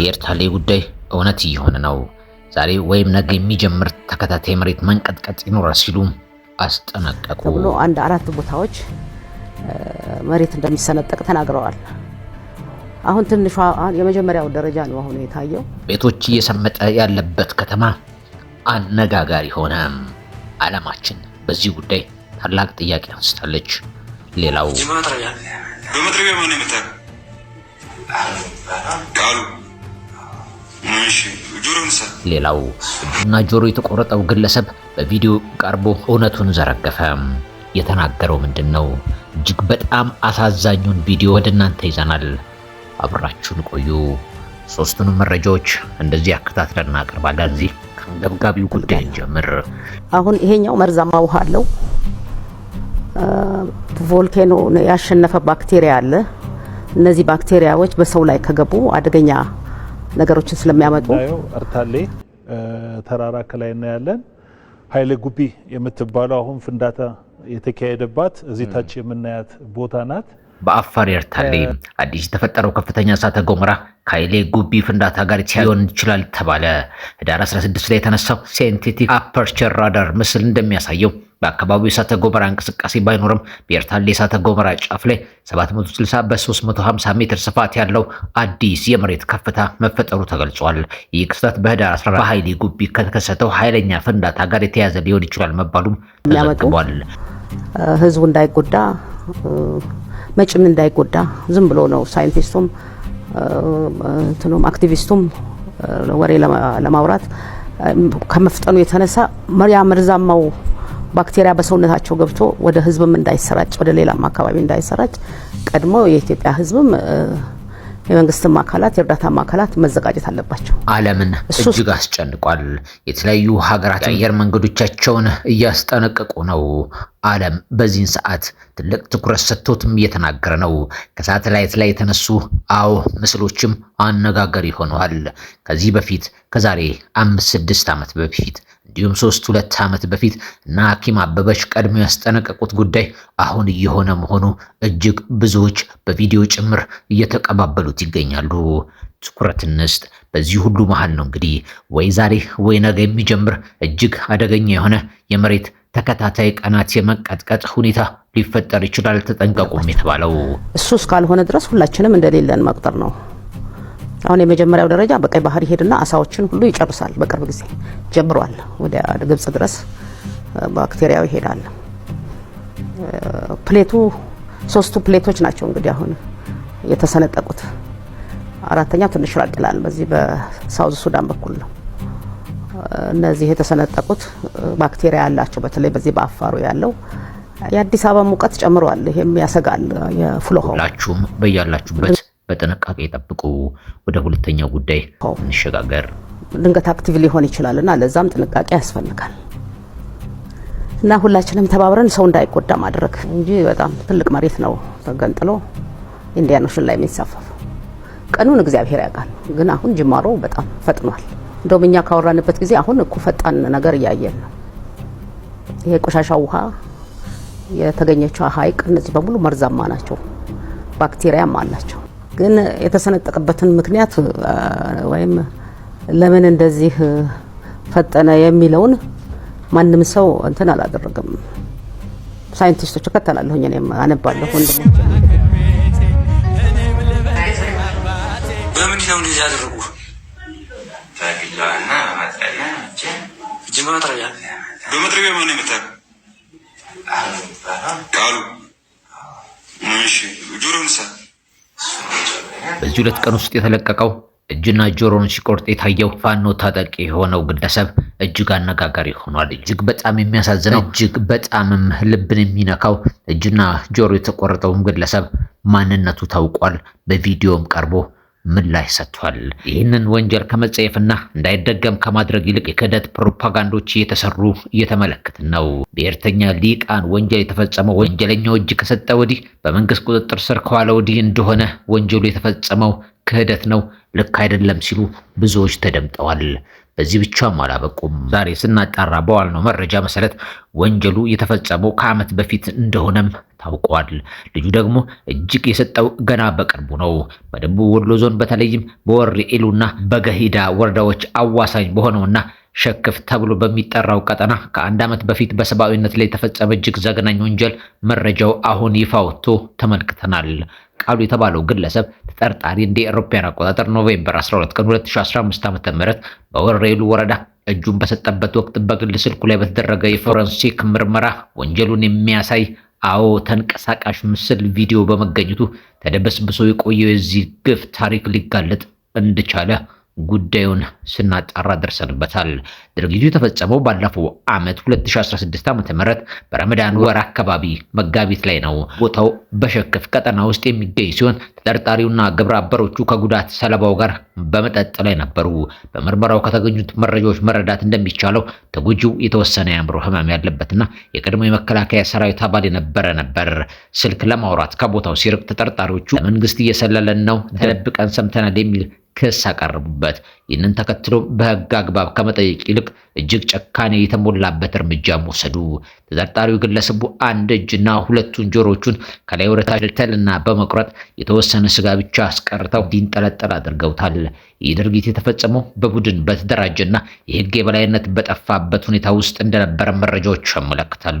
የኤርታሌ ጉዳይ እውነት እየሆነ ነው፣ ዛሬ ወይም ነገ የሚጀምር ተከታታይ መሬት መንቀጥቀጥ ይኖራል ሲሉ አስጠነቀቁ ብሎ አንድ አራት ቦታዎች መሬት እንደሚሰነጠቅ ተናግረዋል። አሁን ትንሿ የመጀመሪያው ደረጃ ነው አሁን የታየው። ቤቶች እየሰመጠ ያለበት ከተማ አነጋጋሪ ሆነ። ዓለማችን በዚህ ጉዳይ ታላቅ ጥያቄ አንስታለች። ሌላው ሌላው እና ጆሮ የተቆረጠው ግለሰብ በቪዲዮ ቀርቦ እውነቱን ዘረገፈ። የተናገረው ምንድን ነው? እጅግ በጣም አሳዛኙን ቪዲዮ ወደ እናንተ ይዘናል። አብራችሁን ቆዩ። ሶስቱንም መረጃዎች እንደዚህ አከታትለን እናቀርባለን። እዚህ ከአንገብጋቢው ጉዳይ ጀምር። አሁን ይሄኛው መርዛማ ውሃ አለው። ቮልኬኖ ያሸነፈ ባክቴሪያ አለ። እነዚህ ባክቴሪያዎች በሰው ላይ ከገቡ አደገኛ ነገሮችን ስለሚያመጡ እርታሌ ተራራ ከላይ እናያለን። ሀይሌ ጉቢ የምትባለው አሁን ፍንዳታ የተካሄደባት እዚህ ታች የምናያት ቦታ ናት። በአፋር ኤርታሌ አዲስ የተፈጠረው ከፍተኛ እሳተ ገሞራ ከሀይሌ ጉቢ ፍንዳታ ጋር ሊሆን ይችላል ተባለ። ህዳር 16 ላይ የተነሳው ሴንቴቲክ አፐርቸር ራዳር ምስል እንደሚያሳየው በአካባቢው የእሳተ ጎመራ እንቅስቃሴ ባይኖርም በኤርታሌ የእሳተ ገሞራ ጫፍ ላይ 760 በ350 ሜትር ስፋት ያለው አዲስ የመሬት ከፍታ መፈጠሩ ተገልጿል። ይህ ክስተት በህዳር 14 በሀይሌ ጉቢ ከተከሰተው ኃይለኛ ፍንዳታ ጋር የተያዘ ሊሆን ይችላል መባሉም ተዘግቧል። ህዝቡ እንዳይጎዳ መጭም እንዳይጎዳ ዝም ብሎ ነው ሳይንቲስቱም እንትኑም አክቲቪስቱም ወሬ ለማውራት ከመፍጠኑ የተነሳ መሪያ መርዛማው ባክቴሪያ በሰውነታቸው ገብቶ ወደ ህዝብም እንዳይሰራጭ ወደ ሌላም አካባቢ እንዳይሰራጭ ቀድሞ የኢትዮጵያ ህዝብም የመንግስትም አካላት የእርዳታም አካላት መዘጋጀት አለባቸው። ዓለምን እጅግ አስጨንቋል። የተለያዩ ሀገራት የአየር መንገዶቻቸውን እያስጠነቀቁ ነው። ዓለም በዚህን ሰዓት ትልቅ ትኩረት ሰጥቶትም እየተናገረ ነው። ከሳተላይት ላይ የተነሱ አዎ ምስሎችም አነጋገር ይሆነዋል። ከዚህ በፊት ከዛሬ አምስት ስድስት ዓመት በፊት እንዲሁም ሶስት ሁለት ዓመት በፊት ናኪም ሐኪም አበበች ቀድሞ ያስጠነቀቁት ጉዳይ አሁን እየሆነ መሆኑ እጅግ ብዙዎች በቪዲዮ ጭምር እየተቀባበሉት ይገኛሉ። ትኩረት እንስጥ። በዚህ ሁሉ መሃል ነው እንግዲህ ወይ ዛሬ ወይ ነገ የሚጀምር እጅግ አደገኛ የሆነ የመሬት ተከታታይ ቀናት የመቀጥቀጥ ሁኔታ ሊፈጠር ይችላል፣ ተጠንቀቁም የተባለው እሱ እስካልሆነ ድረስ ሁላችንም እንደሌለን መቁጠር ነው። አሁን የመጀመሪያው ደረጃ በቀይ ባህር ይሄድና አሳዎችን ሁሉ ይጨርሳል። በቅርብ ጊዜ ጀምሯል። ወደ ግብጽ ድረስ ባክቴሪያው ይሄዳል። ፕሌቱ ሶስቱ ፕሌቶች ናቸው እንግዲህ አሁን የተሰነጠቁት። አራተኛው ትንሽ ራቅ ይላል። በዚህ በሳውዝ ሱዳን በኩል ነው። እነዚህ የተሰነጠቁት ባክቴሪያ ያላቸው በተለይ በዚህ በአፋሩ ያለው የአዲስ አበባ ሙቀት ጨምሯል። ይሄም ያሰጋል። የፍሎሆ ሁላችሁም በያላችሁበት በጥንቃቄ ጠብቁ። ወደ ሁለተኛው ጉዳይ እንሸጋገር። ድንገት አክቲቭ ሊሆን ይችላልና ለዛም ጥንቃቄ ያስፈልጋል እና ሁላችንም ተባብረን ሰው እንዳይጎዳ ማድረግ እንጂ በጣም ትልቅ መሬት ነው ተገንጥሎ ኢንዲያኖሽን ላይ የሚንሳፈፍ ቀኑን እግዚአብሔር ያውቃል። ግን አሁን ጅማሮ በጣም ፈጥኗል። እንደውም እኛ ካወራንበት ጊዜ አሁን እኮ ፈጣን ነገር እያየን ነው። ይሄ ቆሻሻ ውሃ የተገኘችው ሀይቅ እነዚህ በሙሉ መርዛማ ናቸው፣ ባክቴሪያም አላቸው። ግን የተሰነጠቀበትን ምክንያት ወይም ለምን እንደዚህ ፈጠነ የሚለውን ማንም ሰው እንትን አላደረገም። ሳይንቲስቶች እከተላለሁኝ እኔም አነባለሁ። በምንድን ነው እንደዚህ ያደረጉ? በመጥረቢያ ማን የመታው? ቃሉ ጆሮንሳ በዚህ ሁለት ቀን ውስጥ የተለቀቀው እጅና ጆሮን ሲቆርጥ የታየው ፋኖ ታጠቂ የሆነው ግለሰብ እጅግ አነጋጋሪ ሆኗል። እጅግ በጣም የሚያሳዝነው እጅግ በጣምም ልብን የሚነካው እጅና ጆሮ የተቆረጠውም ግለሰብ ማንነቱ ታውቋል። በቪዲዮም ቀርቦ ምላሽ ሰጥቷል። ይህንን ወንጀል ከመጸየፍና እንዳይደገም ከማድረግ ይልቅ የክህደት ፕሮፓጋንዶች እየተሰሩ እየተመለከትን ነው። ብሔርተኛ ሊቃን ወንጀል የተፈጸመው ወንጀለኛው እጅ ከሰጠ ወዲህ፣ በመንግስት ቁጥጥር ስር ከዋለ ወዲህ እንደሆነ ወንጀሉ የተፈጸመው ክህደት ነው፣ ልክ አይደለም ሲሉ ብዙዎች ተደምጠዋል። በዚህ ብቻም አላበቁም። ዛሬ ስናጣራ በዋልነው መረጃ መሰረት ወንጀሉ የተፈጸመው ከዓመት በፊት እንደሆነም ታውቋል። ልጁ ደግሞ እጅግ የሰጠው ገና በቅርቡ ነው። በደቡብ ወሎ ዞን በተለይም በወሬ ኢሉና በገሂዳ ወረዳዎች አዋሳኝ በሆነውና ሸክፍ ተብሎ በሚጠራው ቀጠና ከአንድ ዓመት በፊት በሰብአዊነት ላይ የተፈጸመ እጅግ ዘግናኝ ወንጀል መረጃው አሁን ይፋ ወጥቶ ተመልክተናል። ቃሉ የተባለው ግለሰብ ተጠርጣሪ እንደ ኤሮፓያን አቆጣጠር ኖቬምበር 12 ቀን 2015 ዓ ም በወረኢሉ ወረዳ እጁን በሰጠበት ወቅት በግል ስልኩ ላይ በተደረገ የፎረንሲክ ምርመራ ወንጀሉን የሚያሳይ አዎ ተንቀሳቃሽ ምስል ቪዲዮ በመገኘቱ ተደበስብሶ የቆየው የዚህ ግፍ ታሪክ ሊጋለጥ እንደቻለ ጉዳዩን ስናጣራ ደርሰንበታል። ድርጊቱ የተፈጸመው ባለፈው ዓመት 2016 ዓ ም በረመዳን ወር አካባቢ መጋቢት ላይ ነው። ቦታው በሸክፍ ቀጠና ውስጥ የሚገኝ ሲሆን ተጠርጣሪውና ግብረ አበሮቹ ከጉዳት ሰለባው ጋር በመጠጥ ላይ ነበሩ። በምርመራው ከተገኙት መረጃዎች መረዳት እንደሚቻለው ተጎጂው የተወሰነ የአእምሮ ህመም ያለበትና የቀድሞ የመከላከያ ሰራዊት አባል የነበረ ነበር። ስልክ ለማውራት ከቦታው ሲርቅ ተጠርጣሪዎቹ መንግስት እየሰለለን ነው፣ ተደብቀን ሰምተናል የሚል ክስ አቀረቡበት። ይህንን ተከትሎ በሕግ አግባብ ከመጠየቅ ይልቅ እጅግ ጨካኔ የተሞላበት እርምጃ መውሰዱ። ተጠርጣሪው ግለሰቡ አንድ እጅና ሁለቱን ጆሮቹን ከላይ ወደታች ተልና በመቁረጥ የተወሰነ ስጋ ብቻ አስቀርተው እንዲንጠለጠል አድርገውታል። ይህ ድርጊት የተፈጸመው በቡድን በተደራጀና የህግ የበላይነት በጠፋበት ሁኔታ ውስጥ እንደነበረ መረጃዎች ያመለክታሉ።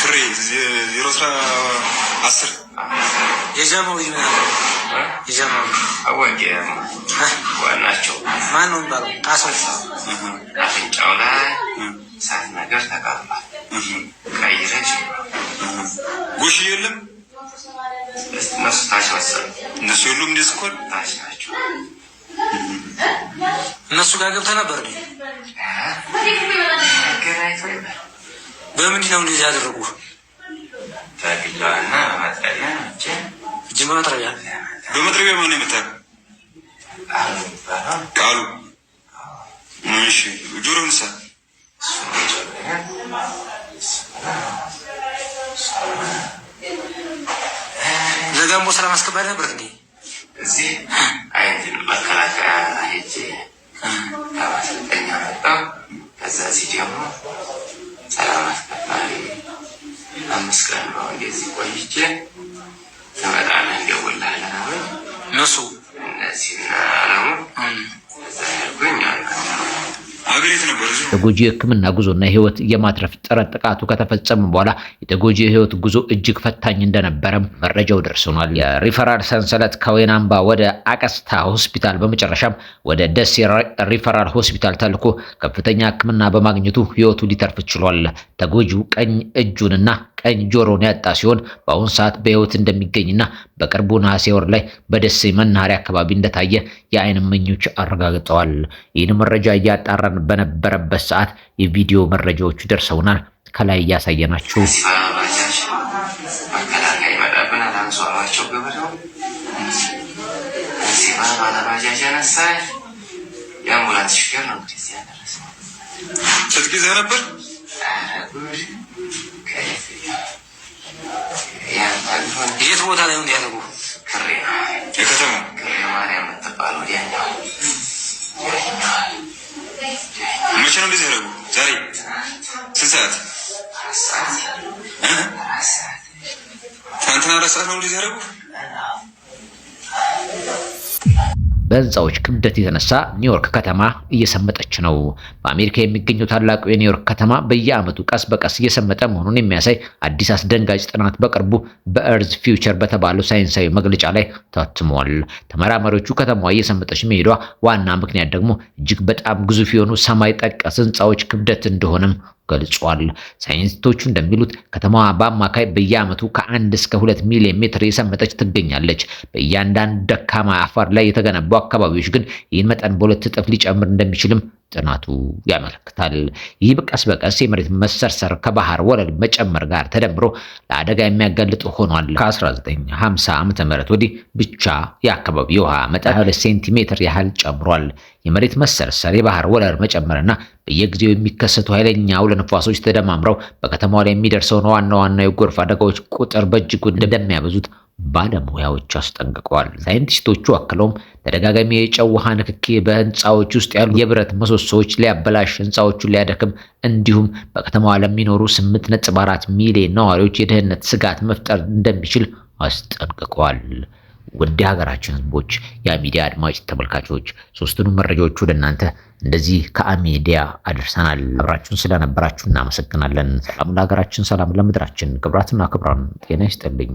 ክሬ ዜሮ አስር የጃማው ልጅ ምን አለ? የጃማው ልጅ አዋቂ ዋናቸው ማን ነው ባለው ጣሶች አፍንጫው ላይ ሳት ነገር ተቃጥሏል። ቀይረች ጉሽ የለም እነሱ ታች መሰል እነሱ የሉም። እንደ ስኮል ታች ናቸው። እነሱ ጋር ገብተህ ነበር ገናይቶ ይበል በምንድን ነው እንደዚህ ያደረጉ? እጅ ማጥረቢያ በመጥረቢያ ማን የመታህ? ቃሉ እሺ። ጆሮንሳ ለጋሞ ሰላም አስከባሪ ነበር እንዴ? እዚህ አይን መከላከያ ሄጄ ከማሰልጠኛ መጣሁ። ከዛ ሲጀምሩ አራት አምስት ቀን ነው እንደዚህ ቆይቼ ተመጣነ እንደውላለን አሁን ንሱ እነዚህ አለሙ የተጎጂ የህክምና ጉዞና ህይወት የማትረፍ ጥረት ጥቃቱ ከተፈጸመ በኋላ የተጎጂ የህይወት ጉዞ እጅግ ፈታኝ እንደነበረም መረጃው ደርሶናል። የሪፈራል ሰንሰለት ከወይን ወደ አቀስታ ሆስፒታል በመጨረሻም ወደ ደሴ ሪፈራል ሆስፒታል ተልኮ ከፍተኛ ህክምና በማግኘቱ ህይወቱ ሊተርፍ ችሏል። ተጎጂው ቀኝ እጁንና ቀኝ ጆሮን ያጣ ሲሆን በአሁኑ ሰዓት በህይወት እንደሚገኝና በቅርቡ ነሐሴ ወር ላይ በደሴ መናኸሪያ አካባቢ እንደታየ የአይን እማኞች አረጋግጠዋል። ይህን መረጃ እያጣራን በነበረበት ሰዓት የቪዲዮ መረጃዎቹ ደርሰውናል። ከላይ እያሳየናችሁ ነበር የት ቦታ ላይ ነው ያደረጉ? የከተማ መቼ ነው እንደዚህ ያደረጉ? ዛሬ ስንት ሰዓት? ትናንትና አራት ሰዓት ነው እንደዚህ ያደረጉ በህንፃዎች ክብደት የተነሳ ኒውዮርክ ከተማ እየሰመጠች ነው። በአሜሪካ የሚገኘው ታላቁ የኒውዮርክ ከተማ በየዓመቱ ቀስ በቀስ እየሰመጠ መሆኑን የሚያሳይ አዲስ አስደንጋጭ ጥናት በቅርቡ በእርዝ ፊውቸር በተባለው ሳይንሳዊ መግለጫ ላይ ታትሟል። ተመራማሪዎቹ ከተማዋ እየሰመጠች መሄዷ ዋና ምክንያት ደግሞ እጅግ በጣም ግዙፍ የሆኑ ሰማይ ጠቀስ ህንፃዎች ክብደት እንደሆነም ገልጿል። ሳይንቲስቶቹ እንደሚሉት ከተማዋ በአማካይ በየዓመቱ ከአንድ እስከ ሁለት ሚሊዮን ሜትር የሰመጠች ትገኛለች። በእያንዳንዱ ደካማ አፈር ላይ የተገነቡ አካባቢዎች ግን ይህን መጠን በሁለት እጥፍ ሊጨምር እንደሚችልም ጥናቱ ያመለክታል። ይህ በቀስ በቀስ የመሬት መሰርሰር ከባህር ወለል መጨመር ጋር ተደምሮ ለአደጋ የሚያጋልጥ ሆኗል። ከ1950 ዓ ም ወዲህ ብቻ የአካባቢ ውሃ መጠን ሴንቲሜትር ያህል ጨምሯል። የመሬት መሰርሰር፣ የባህር ወለል መጨመርና በየጊዜው የሚከሰቱ ኃይለኛ አውለ ነፋሶች ተደማምረው በከተማዋ ላይ የሚደርሰውን ዋና ዋና የጎርፍ አደጋዎች ቁጥር በእጅጉ እንደሚያበዙት ባለሙያዎች አስጠንቅቀዋል። ሳይንቲስቶቹ አክለውም ተደጋጋሚ የጨው ውሃ ንክኪ በህንፃዎች ውስጥ ያሉ የብረት ምሰሶዎች ሊያበላሽ፣ ህንፃዎቹን ሊያደክም እንዲሁም በከተማዋ ለሚኖሩ 8.4 ሚሊዮን ነዋሪዎች የደህንነት ስጋት መፍጠር እንደሚችል አስጠንቅቀዋል። ውድ የሀገራችን ህዝቦች የአሚዲያ አድማጭ ተመልካቾች ሶስቱንም መረጃዎች ወደ እናንተ እንደዚህ ከአሚዲያ አድርሰናል። አብራችሁን ስለነበራችሁ እናመሰግናለን። ሰላም ለሀገራችን፣ ሰላም ለምድራችን። ክብራትና ክብራን ጤና ይስጥልኝ።